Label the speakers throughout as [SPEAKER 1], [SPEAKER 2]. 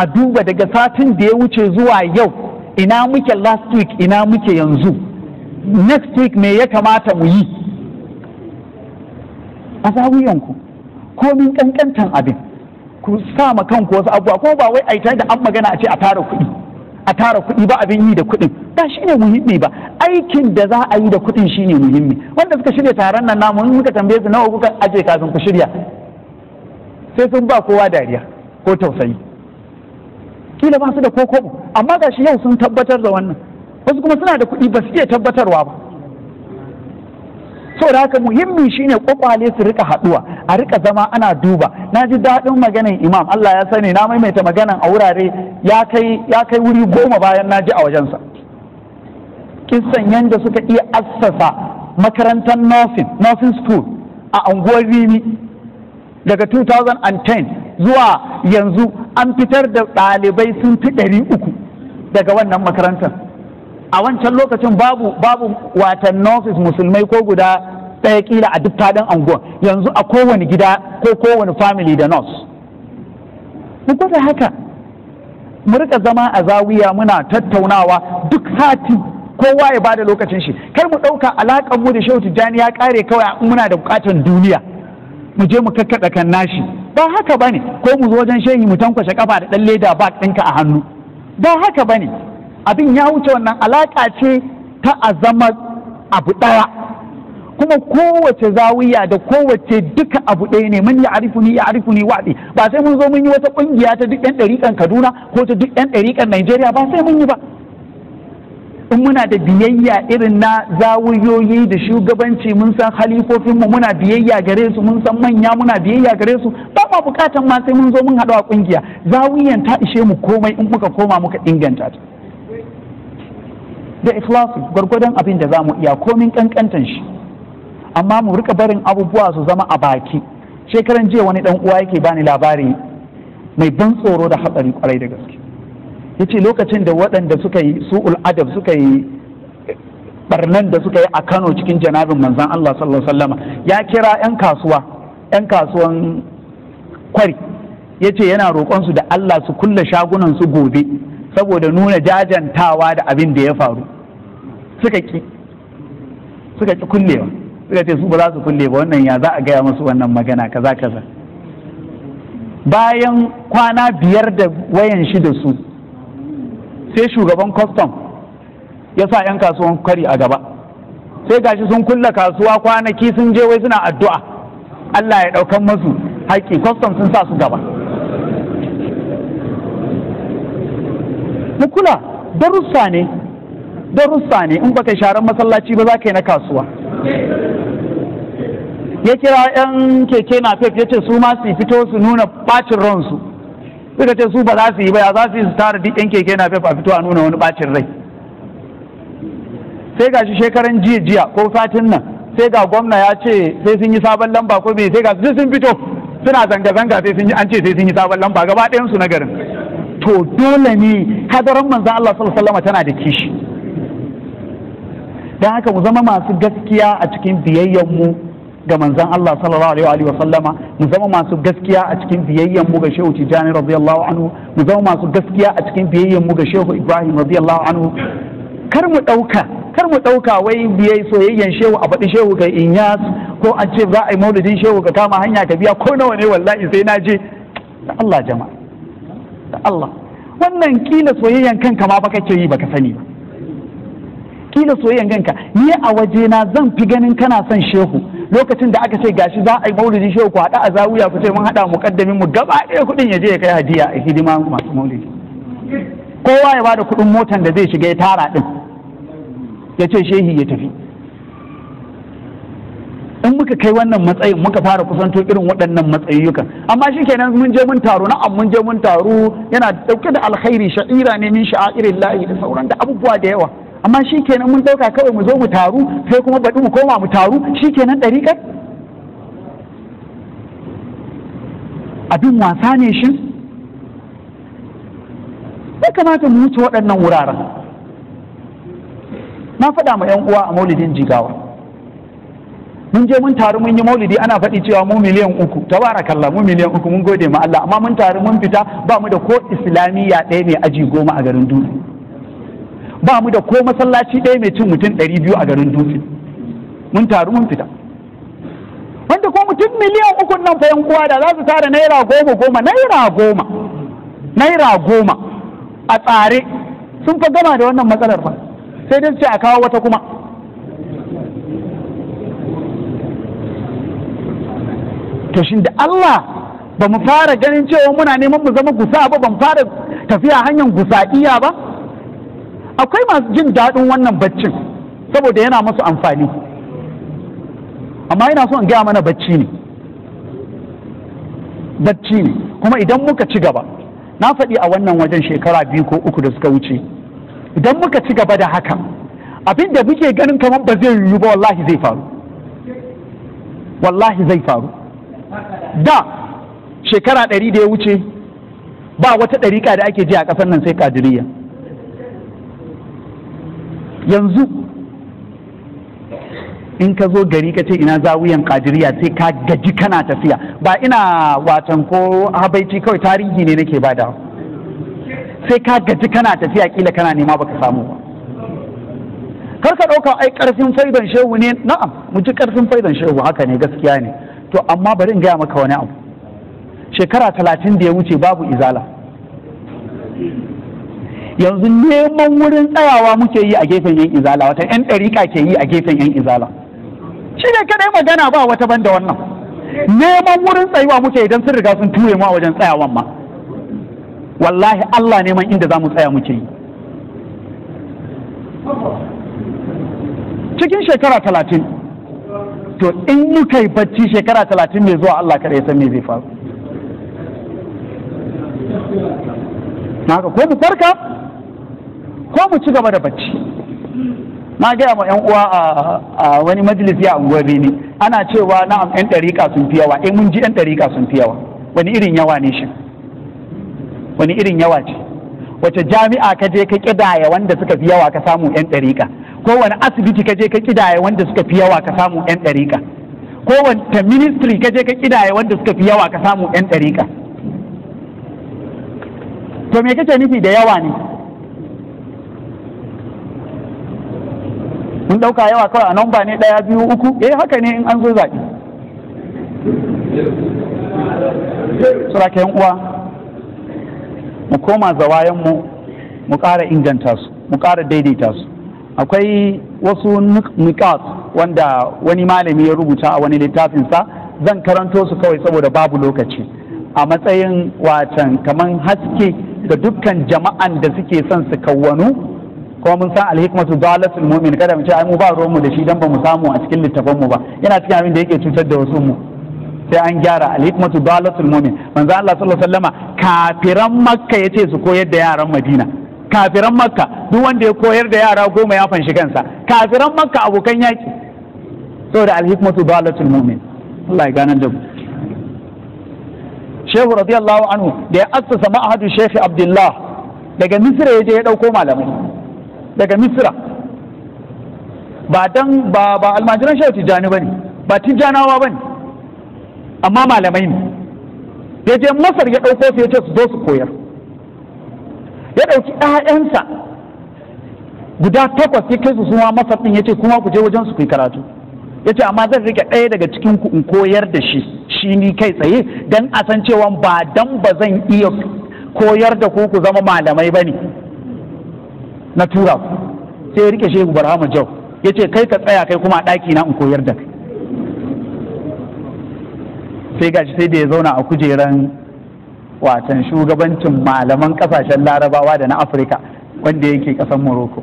[SPEAKER 1] a duba daga satin da ya wuce zuwa yau ina muke last week ina muke yanzu next week me ya kamata mu yi a zawiyanku min kankantan abin ku sa ma kanku wasu abubuwa ko ba wai aita da an magana a ce a tara kuɗi a tara kuɗi ba abin yi da kuɗin ba shi ne muhimmi ba aikin da za a yi da kuɗin shi ne muhimmi wanda suka shirya taron nan namu muka tambaye su nawa kuka aje kafin ku shirya sai sun ba kowa dariya ko tausayi kila ba su da kokobo amma ga shi yau sun tabbatar da wannan wasu kuma suna da kuɗi ba su iya tabbatarwa ba saboda haka muhimmi shine kwakwale su rika haɗuwa. a rika zama ana duba na ji daɗin maganin imam Allah ya sani na maimaita maganan a wurare ya kai ya kai wuri goma bayan na ji a wajensa kisan yanda suka iya assasa makarantar nursing nursing school a unguwar rimi daga 2010 zuwa yanzu an fitar da ɗalibai sun fi ɗari uku daga wannan makarantar a wancan lokacin babu babu watan nurses musulmai ko guda ɗaya ƙila a duk faɗin unguwan, yanzu a kowane gida ko kowane family da nurse mu gwada haka mu rika zama a zawiya muna tattaunawa duk sati kowa ya bada lokacin shi kar mu ɗauka alaƙar mu da shehu tijjani ya ƙare kawai muna da buƙatar duniya mu je mu kakkaɗa kan nashi ba haka ba ne ko mu zo wajen shehi mu tankwashe kafa da ɗan leda bag ɗinka a hannu ba haka ba ne abin ya wuce wannan alaka ce ta azama abu ɗaya kuma kowace zawiya da kowace duka abu ɗaya ne mun ya ni, ya ni waɗi ba sai mun zo mun yi wata ƙungiya ta duk ɗan ɗariƙan kaduna ko ta duk ɗan ɗariƙan najeriya ba sai mun yi ba in muna da biyayya irin na zawuyoyi da shugabanci mun san halifofinmu muna biyayya gare su mun san manya muna biyayya gare su ba ma bukatan ma sai mun zo mun haɗu a ƙungiya zawiyan ta ishe mu komai in muka koma muka inganta ta da ikhlasi gwargwadon abin da za mu iya komin kankantan shi amma mu rika barin abubuwa su zama a baki shekaran jiya wani dan uwa yake bani labari mai ban tsoro da hatsari kwarai da gaske yace lokacin da waɗanda suka yi su'ul adab suka yi barnan da suka yi a Kano cikin janabin manzon Allah sallallahu alaihi ya kira 'yan kasuwa 'yan kasuwan kwari yace yana roƙon da Allah su kulle shagunan su gobe saboda nuna jajantawa da abin da ya faru suka ki suka ki kullewa suka ce su ba za su kulle ba wannan ya za a gaya musu wannan magana kaza kaza bayan kwana biyar da wayan shi da su sai shugaban kwastam ya sa 'yan kasuwan kwari a gaba sai gashi sun kulla kasuwa kwanaki sun je wai suna addu'a Allah ya ɗaukan masu haƙƙi kwastam sun sa su gaba mu kula darussa ne darussa ne in baka sharan masallaci ba za ka yi na kasuwa ya kira 'yan keke na ya ce su ma su fito su nuna bacin ransu suka ce su ba za su yi ba ya za su yi su tara duk yan keke na fefa fito a nuna wani bacin rai sai ga shi shekaran jiya jiya ko satin nan sai ga gwamna ya ce sai sun yi sabon lamba ko bai sai ga su sun fito suna zanga-zanga sai sun yi an ce sai sun yi sabon lamba gaba ɗayan su na garin to dole ne hadarin manzan Allah sallallahu tana da kishi don haka mu zama masu gaskiya a cikin biyayyen mu ga manzon Allah sallallahu alaihi wa sallama mu zama masu gaskiya a cikin biyayyen mu ga Shehu Tijani radiyallahu anhu mu zama masu gaskiya a cikin biyayyen mu ga Shehu Ibrahim radiyallahu anhu kar mu ɗauka kar mu ɗauka wai biyai soyayyen shehu a faɗi shehu ga inyas ko a ce za a yi maulidin shehu ka kama hanya ka biya ko nawa ne wallahi sai na je da Allah jama'a da Allah wannan kila soyayyen kanka ma baka ke yi baka sani ba kila soyayyen kanka ni a waje na zan fi ganin kana son shehu lokacin da aka ce gashi za a yi maulidi shi ku haɗa a zawiya ku ce mun haɗa mukaddamin mu gaba ɗaya kuɗin ya je ya kai hadiya a hidima masu maulidi kowa ya bada kuɗin motan da zai shiga ya tara ɗin ya ce shehi ya tafi in muka kai wannan matsayin muka fara kusanto irin waɗannan matsayiyukan amma shi kenan mun je mun taro na mun je mun taro yana ɗauke da alkhairi sha'ira ne min irin lahi da sauran da abubuwa da yawa amma shi kenan mun ɗauka kawai mu zo mu taru sai kuma baɗi mu koma mu taru shi kenan ɗariƙar abin wasa ne shi ya kamata mu wuce waɗannan wuraren na faɗa ma 'yan uwa a maulidin jigawa mun je mun taru mun yi maulidi ana faɗi cewa mu miliyan uku kalla mu miliyan uku mun gode ma Allah amma mun taru mun fita ba mu da ko islamiyya ɗaya mai aji goma a garin duniya. ba mu da ko masallaci ɗaya mai cin mutum ɗari biyu a garin dutse mun taru mun fita wanda ko mutum miliyan uku nan fa yan uwa da za su tara naira goma goma naira goma naira goma a tsare sun fa gama da wannan matsalar fa sai dai su ce a kawo wata kuma to shin da Allah ba mu fara ganin cewa muna neman mu zama gusa ba ban fara tafiya hanyar gusa iya ba akwai masu jin daɗin wannan baccin saboda yana masu amfani amma ina so in gaya mana bacci ne bacci ne kuma idan muka ci gaba na faɗi a wannan wajen shekara biyu ko uku da suka wuce idan muka ci gaba da haka abinda muke ganin kamar ba zai yiwu ba wallahi zai faru wallahi zai faru da shekara ɗari da ya wuce ba wata ɗarika da ake ji a ƙasar nan sai ƙadiriya yanzu in ka zo gari ka ce ina zawuyan kadiriya sai ka gaji kana tafiya ba ina watan ko habaici kawai tarihi ne nake bada sai ka gaji kana tafiya kila kana nema baka samu ba kar ka ɗauka ai ƙarfin faidan shehu ne na'am mu ji ƙarfin faidan shehu haka ne gaskiya ne to amma bari in gaya maka wani abu shekara talatin da ya wuce babu izala yanzu neman wurin tsayawa muke yi a gefen yan izala wata yan ɗarika ke yi a gefen yan izala shi ne kadai magana ba wata banda wannan neman wurin tsayuwa muke idan sun riga sun ture mu wajen tsayawan ma wallahi Allah neman inda za mu tsaya muke yi cikin shekara talatin to in muka yi bacci shekara talatin mai zuwa Allah kaɗai san me zai faru ko mu farka ko mu ci gaba da bacci na gaya ma yan uwa a wani majalisi a unguwar rini ana cewa na'am yan ɗariƙa sun fi yawa eh mun ji yan ɗariƙa sun fi yawa wani irin yawa ne shi wani irin yawa ce wace jami'a ka je ka kidaya wanda suka fi yawa ka samu yan ɗariƙa ko wani asibiti ka je ka kidaya wanda suka fi yawa ka samu yan ɗariƙa ko wani ministry ka je ka kidaya wanda suka fi yawa ka samu yan ɗariƙa to me kake nufi da yawa ne mun ɗauka yawa kawai a namba ne ɗaya biyu uku eh haka ne in an zo zaɓe surakayen uwa mu koma zawayenmu mu ƙara inganta su mu ƙara daidaita su akwai wasu nikas wanda wani malami ya rubuta a wani littafinsa zan karanto su kawai saboda babu lokaci a matsayin watan kamar haske ga dukkan jama'an da suke son su kawwanu ko mun san alhikmatu dalatul mu'min kada mu ce ai mu ba ruwan mu da shi dan ba mu samu a cikin littafan mu ba yana cikin abin da yake cutar da wasu mu sai an gyara alhikmatu dalatul mu'min manzo Allah sallallahu alaihi wasallama kafiran makka yace su koyar da yaran madina kafiran makka duk wanda ya koyar da yara goma ya fanshi kansa kafiran makka abokan yaki saboda alhikmatu dalatul mu'min Allah ya ganar da mu shehu radiyallahu anhu da ya assasa ma'ahadu shehu abdullah daga misira ya je ya ɗauko malamai daga Misira, ba don ba ba almajiran shawar tijjani ne ba tijjanawa ne amma malamai ne ya je masar ya ɗauko su ya ce su zo su koyar ya ɗauki ‘ya'yansa guda takwas ya kai su suma masar ɗin ya ce kuma ku je wajen su kai karatu ya ce amma zan rike ɗaya daga cikin ku in koyar da shi shi ni kai tsaye don a san cewa ba dan ba zan iya koyar da ku ku zama malamai ba ne na tura ku sai ya rike shehu barhama jau ya ce kai ka tsaya kai kuma ɗaki na in koyar da kai sai gashi sai da ya zauna a kujeran watan shugabancin malaman kasashen larabawa da na afirka wanda yake kasan morocco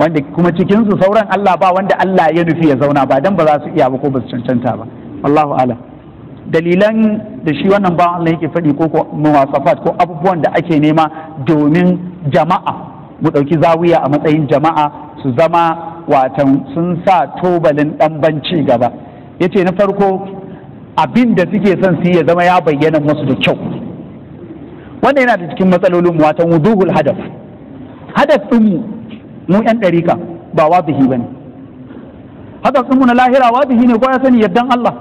[SPEAKER 1] wanda kuma cikinsu sauran allah ba wanda allah ya nufi ya zauna ba don ba za su iya ba ko ba su cancanta ba allahu ala dalilan da shi wannan bawan Allah yake faɗi ko muwasafat ko abubuwan da ake nema domin jama'a mu ɗauki zawiya a matsayin jama'a su zama watan sun sa tobalin ɗanbanci gaba ya ce na farko abin da suke son su ya zama ya bayyana musu da kyau wanda yana da cikin matsalolin watan wuduhul hadaf hadaf ɗinmu mu yan ɗarika ba wadihi ba ne hadaf ɗinmu na lahira wadihi ne ko ya sani yardan Allah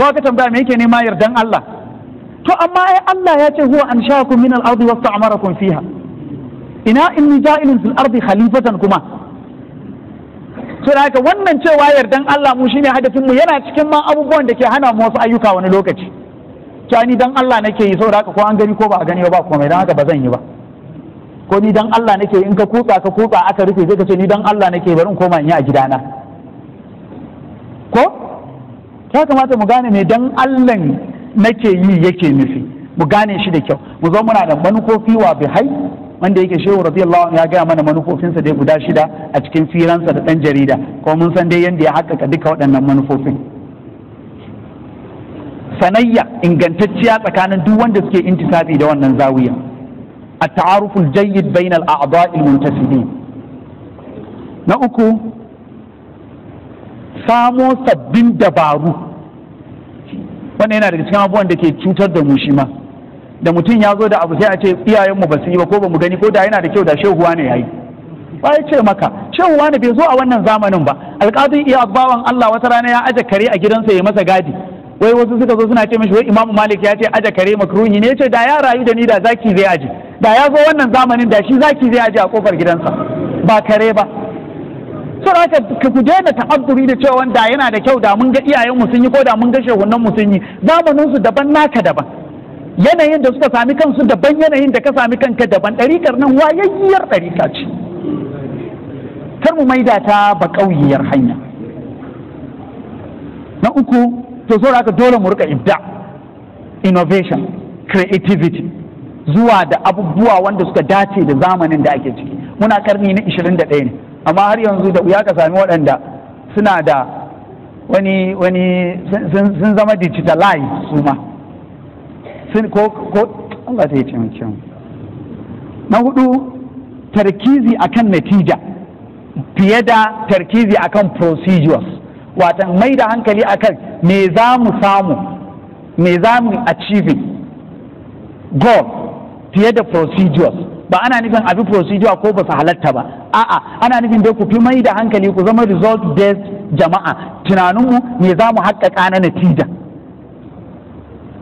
[SPEAKER 1] ko aka tambaya me yake nema yardan Allah to amma ai Allah ya ce huwa an shaku min al-ardi wasta'marakum fiha ina inni ja'ilun fil ardi khalifatan kuma Sai wannan cewa yardan Allah mu shine hadafin mu yana cikin ma abubuwan da ke hana mu wasu ayyuka wani lokaci cewa ni dan Allah nake yi saboda haka ko an gani ko ba a gani ba mai dan haka ba zan yi ba ko ni dan Allah nake in ka kutsa ka kutsa aka rufe zai ka ce ni dan Allah nake bari in koma in yi a gidana ko ya kamata mu gane me dan Allah nake yi yake nufi mu gane shi da kyau mu zo muna da manufofi wa bihai wanda yake shehu radiyallahu ya gaya mana manufofinsa dai guda shida a cikin firansa da ɗan jarida ko mun san dai yadda ya haƙƙaƙa duka waɗannan manufofin sanayya ingantacciya tsakanin duk wanda suke intisabi da wannan zawiya a ta'aruful jayyid bainal a'dha'il muntasibin na uku samo sabbin dabaru wannan yana daga cikin abubuwan da ke cutar da mushima. da mutum ya zo da abu sai a ce iyayenmu ba su yi ba ko ba mu gani ko da yana da kyau da shehuwa ne yayi ba ya ce maka shehuwa ne bai zo a wannan zamanin ba alƙadin iya bawan Allah wata rana ya aje kare a gidansa ya masa gadi wai wasu suka zo suna ce mishi wai imamu malik ya ce aje kare makruhi ne Ya ce da ya rayu da ni da zaki zai aje da ya zo wannan zamanin da shi zaki zai aje a kofar gidansa ba kare ba so haka ka ku daina ta'abburi da cewa da yana da kyau da mun ga iyayenmu sun yi ko da mun ga shehunan mu sun yi zamanin su daban naka daban yanayin da suka sami kansu daban yanayin da ka sami kanka daban ɗarikar nan wayayyar ɗarika ce kar mu maida ta ba ƙauyiyar hanya na uku to saboda haka dole mu rika ibda innovation creativity zuwa da abubuwa wanda suka dace da zamanin da ake ciki muna karni na 21 ne amma har yanzu da wuya ka sami waɗanda suna da wani sun zama digitalized su ma sun ko ko Allah taimake na hudu tarkizi akan natija fiye da tarkizi akan procedures watan mai da hankali akan me za mu samu me za mu achieving goal fiye da procedures ba ana nufin abi procedure ko ba su halatta ba a'a ana nufin dai ku fi mai da hankali ku zama result based jama'a tunaninmu me za mu haƙƙaƙa na natija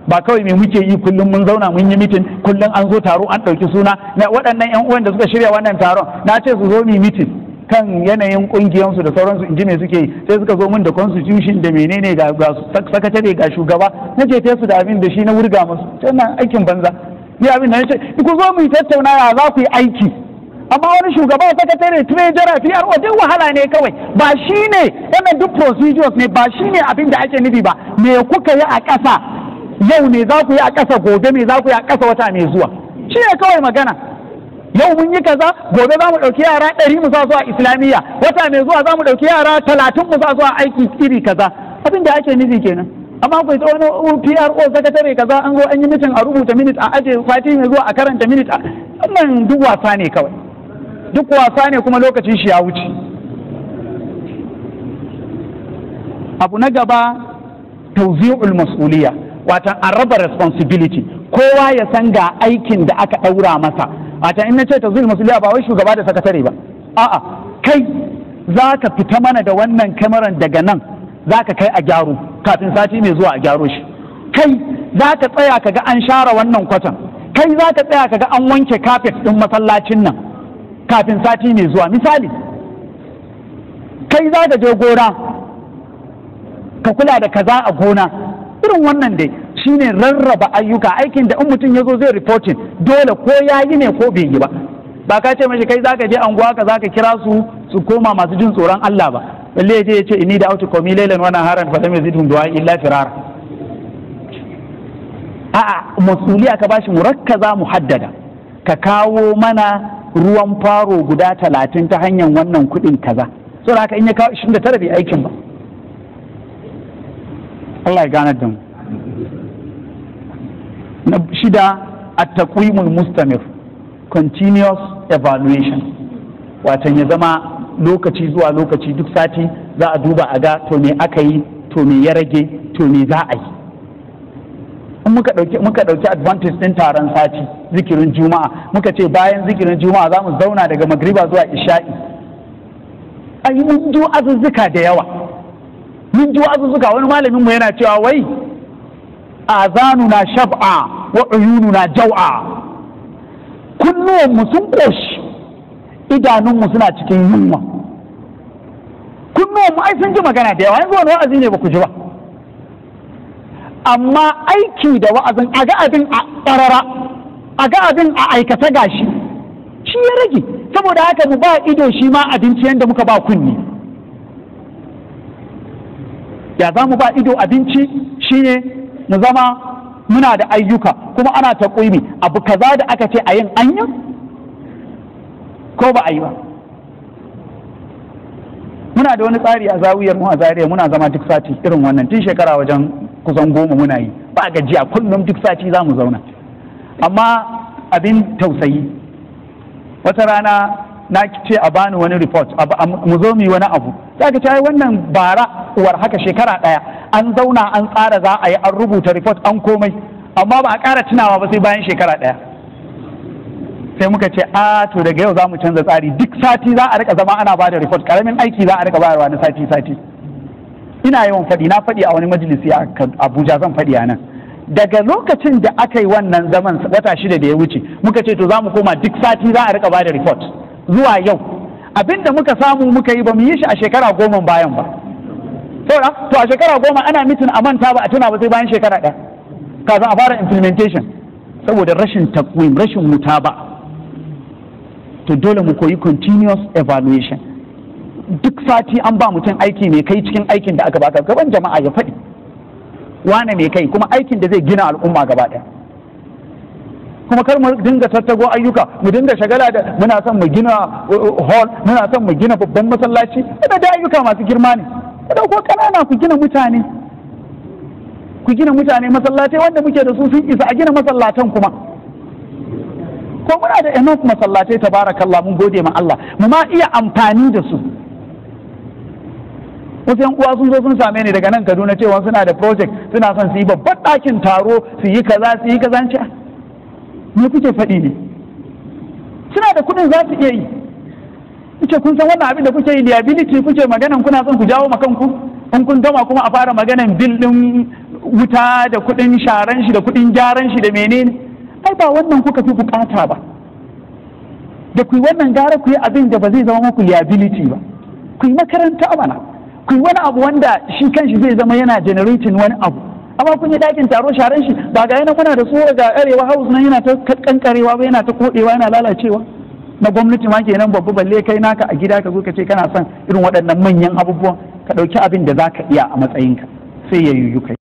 [SPEAKER 1] ba kawai me muke yi kullum mun zauna mun yi mitin kullum an zo taro an ɗauki suna na waɗannan yan uwan da suka shirya wannan taron na ce su zo mu mitin kan yanayin kungiyansu da sauransu in ji me suke yi sai suka zo min da constitution da menene ga sakatare ga shugaba na ce ta su da abin da shi na wurga musu wannan aikin banza ni abin da ce ku zo mu tattauna ya za ku yi aiki amma wani shugaba sakatare trejara fiyar wajen wahala ne kawai ba shi ne wannan duk procedures ne ba shi ne abin da ake nufi ba me kuka yi a ƙasa yau ne za ku yi a ƙasa gobe me za ku yi a ƙasa wata mai zuwa shi ne kawai magana yau mun yi kaza gobe za mu ɗauki yara ɗari mu sa zuwa islamiyya wata mai zuwa za mu ɗauki yara talatin mu sa zuwa aiki iri kaza abin da ake nufi kenan amma ku ta wani PRO sakatare kaza an zo an yi mitin a rubuta minit a aje fati mai zuwa a karanta minit a wannan duk wasa ne kawai duk wasa ne kuma lokacin shi ya wuce abu na gaba tauzi'ul mas'uliyya Wata a raba responsibility kowa ya san ga aikin da aka ɗaura masa Wata in na ce zuwa musuliya ba wai shugaba da sakatare ba a'a kai za ka fita mana da wannan kamaran daga nan za ka kai a gyaro kafin sati mai zuwa a gyaro shi kai za ka tsaya ka ga an share wannan kwatan kai za ka tsaya ka ga an wanke kafet ɗin masallacin nan kafin sati mai zuwa misali kai za ka je gona ka kula da kaza a gona irin wannan dai ne rarraba ayyuka aikin da in mutum ya zo zai reporting dole ko ya yi ne ko bai yi ba ba ka ce mashi kai zaka je anguwa ka zaka kira su su koma masu jin tsoron Allah ba balle ya je ya ce inni da autu qawmi laylan wa naharan fa lam yazidhum du'a illa firara a'a masuliya ka bashi murakkaza muhaddada ka kawo mana ruwan faro guda talatin ta hanyar wannan kuɗin kaza saboda haka in ya kawo 29 bai aikin ba Allah ya gane da mu na shida a taƙwimul mustamir continuous evaluation watan ya zama lokaci zuwa lokaci duk sati za a duba a ga to me aka yi to me ya rage to me za a yi in muka ɗauki advantage ɗin taron sati zikirin juma'a muka ce bayan zikirin juma'a za mu zauna daga magriba zuwa isha'i yi mun azuzzuka da yawa mun ji wa'azuzzuka wani malamin mu yana cewa wai azanu na shab'a wa uyununa na kunnuwan mu sun koshi idanun mu suna cikin yunwa kunnuwan ai sun ji magana da yawa yanzu wani wa'azi ne ba ku ji ba amma aiki da wa'azin a ga abin a ƙarara a ga abin a aikata gashi shi ya rage saboda haka mu ba ido shi ma abinci yadda muka ba kunni ya za mu ba ido abinci shine mu zama muna da ayyuka kuma ana ta abu kaza da aka ce a yin anya ko ba a yi ba muna da wani tsari a zawiyar mu a zariya muna zama duk sati irin wannan tun shekara wajen kusan goma muna yi ba a gajiya kullum duk sati za mu zauna amma abin tausayi wata rana na ce a bani wani report mu zo mu yi wani abu za ka ce wannan bara war haka shekara ɗaya an zauna an tsara za a yi an rubuta report an komai amma ba a ƙara tunawa ba sai bayan shekara ɗaya sai muka ce a to daga yau za mu canza tsari duk sati za a rika zama ana ba da report karamin aiki za a rika bayarwa na sati sati ina yawan faɗi na faɗi a wani majalisi a Abuja zan faɗi a nan daga lokacin da aka yi wannan zaman wata shida da ya wuce muka ce to za mu koma duk sati za a rika da report zuwa yau abinda muka samu muka yi ba mu yi shi a shekara goma bayan ba saura to a shekara goma ana mitin a manta ba a tuna ba sai bayan shekara ɗaya kafin a fara implementation saboda rashin takwim rashin ba to dole mu koyi continuous evaluation duk sati an ba mutum aiki mai kai cikin aikin da aka baka gaban jama'a ya faɗi wane mai kai kuma aikin da zai gina al'umma gaba ɗaya kuma kar mu dinga tattago ayyuka mu dinga shagala da muna son mu gina uh, uh, hall muna son mu gina babban masallaci da ayyuka masu girma ne ku dauko ƙanana ku gina mutane ku gina mutane masallatai wanda muke da su sun isa a gina masallatan kuma ko muna da enough masallatai tabarakallah mun gode ma Allah mu ma iya amfani da su wasu yan uwa sun zo sun same ni daga nan Kaduna cewa suna da project suna son su yi babban ɗakin taro su yi kaza su yi kaza ah, me kuke faɗi ne suna da kuɗin za su iya yi ce kun san wannan abin da kuke yi liability kuke maganan kuna son ku jawo ma kanku in kun gama kuma a fara maganan bil din wuta da kuɗin sharan shi da kuɗin gyaran shi da menene ai ba wannan kuka fi bukata ba da ku yi wannan gara ku yi abin da ba zai zama muku liability ba ku yi makaranta mana ku yi wani abu wanda shi kanshi zai zama yana generating wani abu amma kun yi dakin taro sharan shi ba ga yana kuna da su ga arewa house nan yana ta kankarewa ba yana ta kodewa yana lalacewa na gwamnati ma kenan babba balle kai naka a gida ka zo ka ce kana son irin waɗannan manyan abubuwan ka ɗauki abin da za ka iya a matsayinka sai ya yi kai